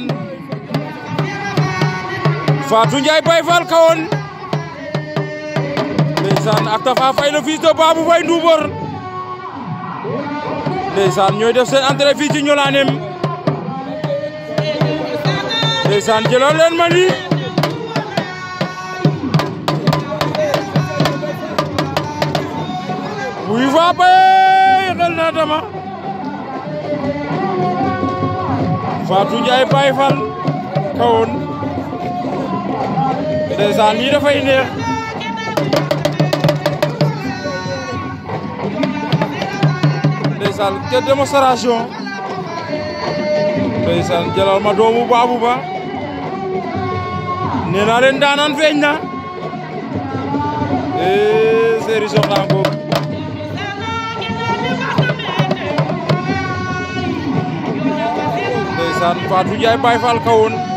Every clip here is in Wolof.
ndeysaan Fatou Ndiaye Baye Fall kawoon ndeysaan ak Tafa Faye le fils de ñooy def seen entrée fii ci ñolaanem ndeysaan jëlal leen ma lii wuy faa bay xel naa dama Fatou Ndiaye Baye Fall kawoon ndeysaan lii dafay neex ndeysaan te démonstration ndeysaan jëlal ma doomu baabu ba nee naa daanan feeñ na ee séeri soxna ndeysaan Fatou Ndiaye Baye Fall kawoon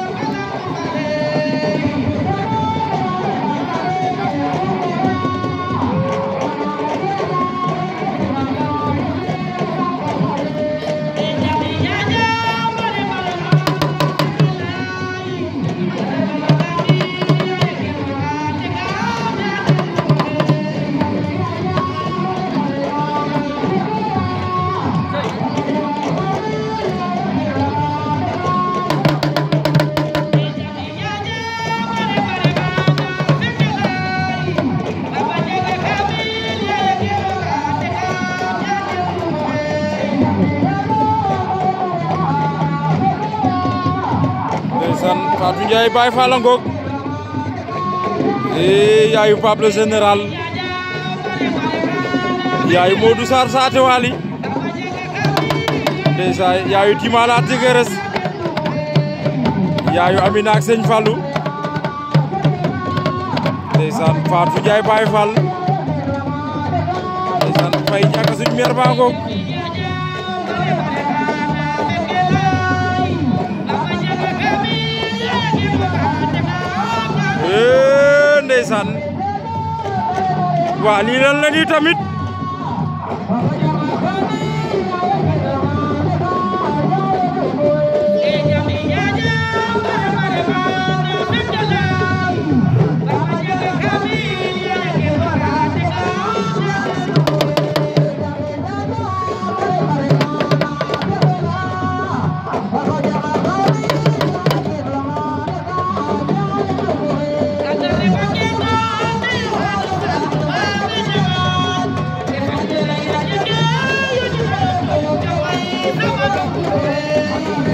Modou Ndiaye Baye ngoog eh, yaayu Pape Général yaayu Modou Sarr Saate Waly yaayu Timala Tigeres yaayu Amina ak Sëñ Fallou ndeysaan Fatou Ndiaye Baye Fall ndeysaan Faye meer baa ngoog ee ndeysaan waa lii lan la tamit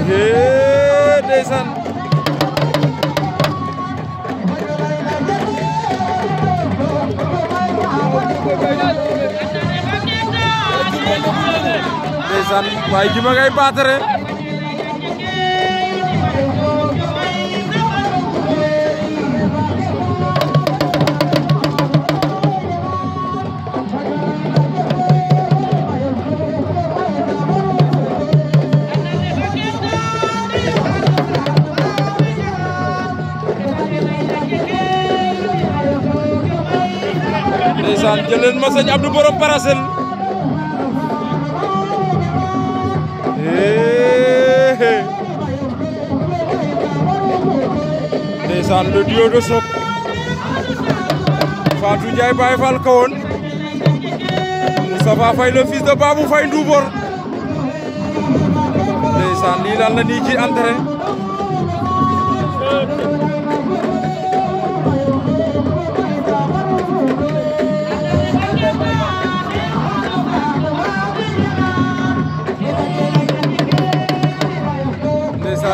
yee ndeysaan ndeysaan waaye ji ma ngay ndeysaan jël ma sëñ Abdou borom Paracel ndeysaan le duo de Sokh Fatou Ndiaye Baye Fall kawoon Moustapha Faye le fils de Babou Faye Ndoubor ndeysaan lii lan la nii ci entrée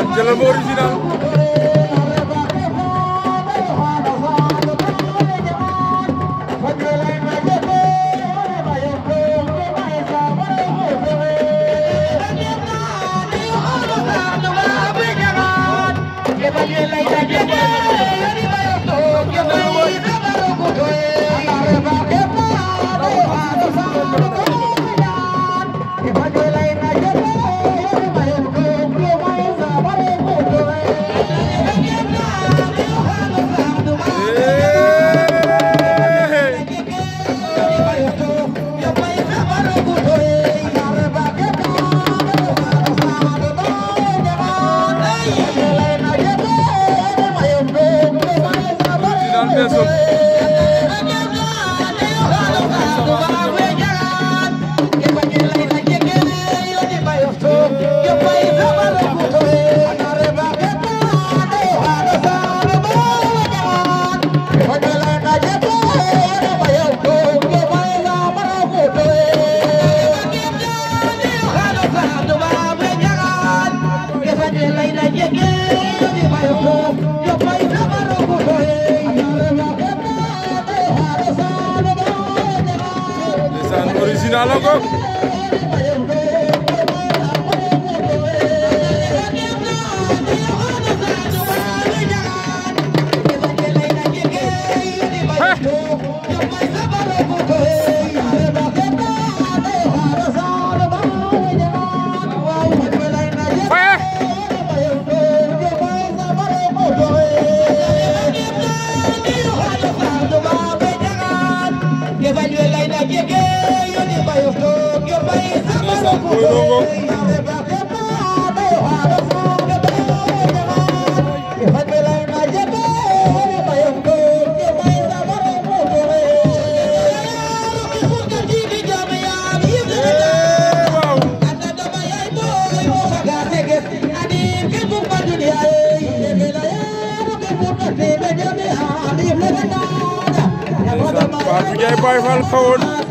jëlal ma original Gaynde Jege yónni Bayof toog yóbbaay sama bopp Pape Ndiaye by Fall phone.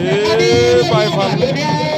Hey, bye, bye.